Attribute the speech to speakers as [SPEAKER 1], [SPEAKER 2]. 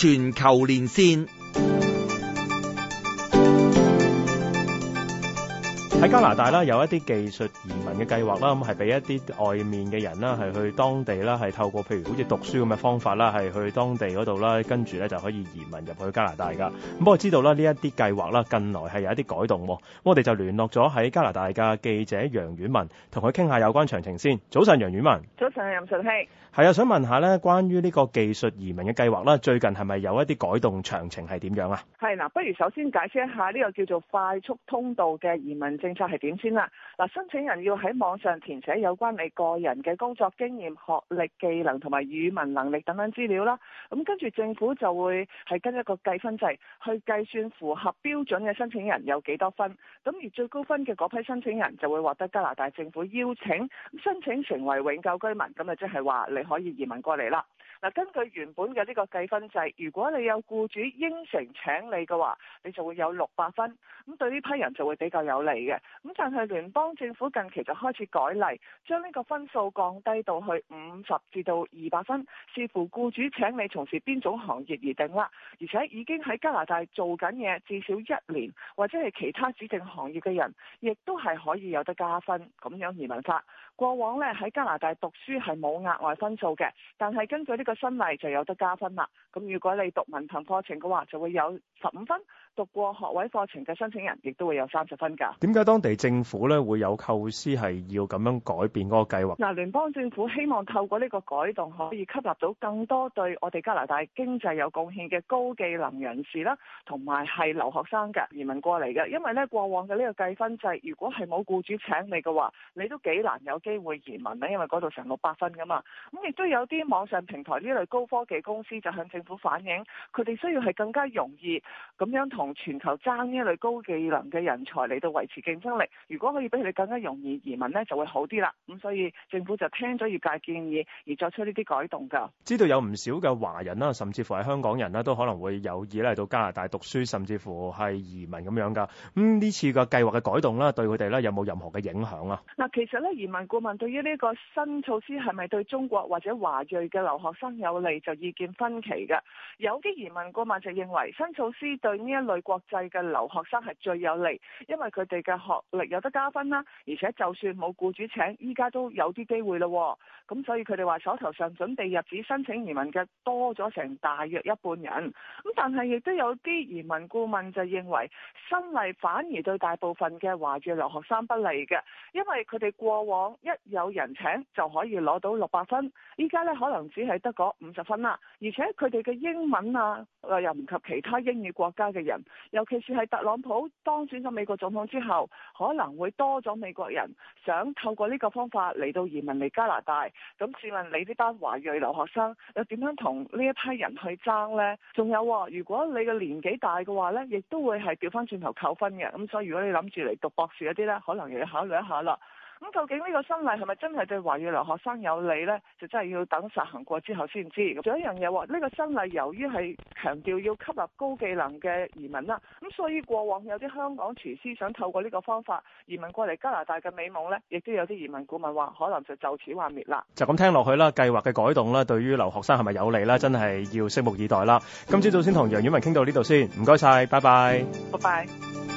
[SPEAKER 1] 全球連線。喺加拿大啦，有一啲技術移民嘅計劃啦，咁係俾一啲外面嘅人啦，係去當地啦，係透過譬如好似讀書咁嘅方法啦，係去當地嗰度啦，跟住咧就可以移民入去加拿大噶。咁不過知道啦，呢一啲計劃啦，近來係有一啲改動。咁我哋就聯絡咗喺加拿大嘅記者楊婉文，同佢傾下有關詳情先。早晨，楊婉文。
[SPEAKER 2] 早晨，任順熙。
[SPEAKER 1] 係啊，想問一下咧，關於呢個技術移民嘅計劃啦，最近係咪有一啲改動？詳是怎？詳情係
[SPEAKER 2] 點樣啊？係嗱，不如首先解釋一下呢、這個叫做快速通道嘅移民證。政策係點先啦？嗱，申請人要喺網上填寫有關你個人嘅工作經驗、學歷、技能同埋語文能力等等資料啦。咁跟住政府就會係跟一個計分制去計算符合標準嘅申請人有幾多分。咁而最高分嘅嗰批申請人就會獲得加拿大政府邀請申請成為永久居民。咁啊，即係話你可以移民過嚟啦。根據原本嘅呢個計分制，如果你有僱主應承請你嘅話，你就會有六百分，咁對呢批人就會比較有利嘅。咁但係聯邦政府近期就開始改例，將呢個分數降低到去五十至到二百分，視乎僱主請你從事邊種行業而定啦。而且已經喺加拿大做緊嘢至少一年，或者係其他指定行業嘅人，亦都係可以有得加分。咁樣移民法過往呢，喺加拿大讀書係冇額外分數嘅，但係根據呢個嘅新例就有得加分啦。咁如果你讀文憑課程嘅話，就會有十五分；讀過學位課程嘅申請人亦都會有三十分噶。
[SPEAKER 1] 點解當地政府咧會有構思係要咁樣改變嗰個計劃？
[SPEAKER 2] 嗱，聯邦政府希望透過呢個改動可以吸納到更多對我哋加拿大經濟有貢獻嘅高技能人士啦，同埋係留學生嘅移民過嚟嘅。因為咧過往嘅呢個計分制，如果係冇僱主請你嘅話，你都幾難有機會移民咧，因為嗰度成六百分噶嘛。咁亦都有啲網上平台。呢類高科技公司就向政府反映，佢哋需要係更加容易咁樣同全球爭呢類高技能嘅人才嚟到維持競爭力。如果可以俾佢哋更加容易移民呢，就會好啲啦。咁所以政府就聽咗業界建議而作出呢啲改動㗎。
[SPEAKER 1] 知道有唔少嘅華人啦，甚至乎係香港人啦，都可能會有意嚟到加拿大讀書，甚至乎係移民咁樣㗎。咁、嗯、呢次嘅計劃嘅改動啦，對佢哋咧有冇任何嘅影響啊？
[SPEAKER 2] 嗱，其實咧移民顧問對於呢個新措施係咪對中國或者華裔嘅留學生？有利就意見分歧嘅，有啲移民顧問就認為新措施對呢一類國際嘅留學生係最有利，因為佢哋嘅學歷有得加分啦，而且就算冇僱主請，依家都有啲機會咯。咁所以佢哋話手頭上準備入紙申請移民嘅多咗成大約一半人。咁但係亦都有啲移民顧問就認為新例反而對大部分嘅華裔留學生不利嘅，因為佢哋過往一有人請就可以攞到六百分，依家咧可能只係得。五十分啦，而且佢哋嘅英文啊，又唔及其他英語國家嘅人，尤其是係特朗普當選咗美國總統之後，可能會多咗美國人想透過呢個方法嚟到移民嚟加拿大。咁試問你呢班華裔留學生又點樣同呢一批人去爭呢？仲有喎，如果你嘅年紀大嘅話呢，亦都會係調返轉頭扣分嘅。咁所以如果你諗住嚟讀博士嗰啲呢，可能又要考慮一下啦。咁究竟呢個新例係咪真係對華裔留學生有利呢？就真係要等實行過之後先知。仲有一樣嘢話，呢個新例由於係強調要吸納高技能嘅移民啦，咁所以過往有啲香港廚師想透過呢個方法移民過嚟加拿大嘅美夢呢，亦都有啲移民顧問話可能就就此幻滅啦。
[SPEAKER 1] 就咁聽落去啦，計劃嘅改動咧，對於留學生係咪有利咧？真係要拭目以待啦。今朝早先同楊婉文傾到呢度先，唔該晒，拜拜。拜拜。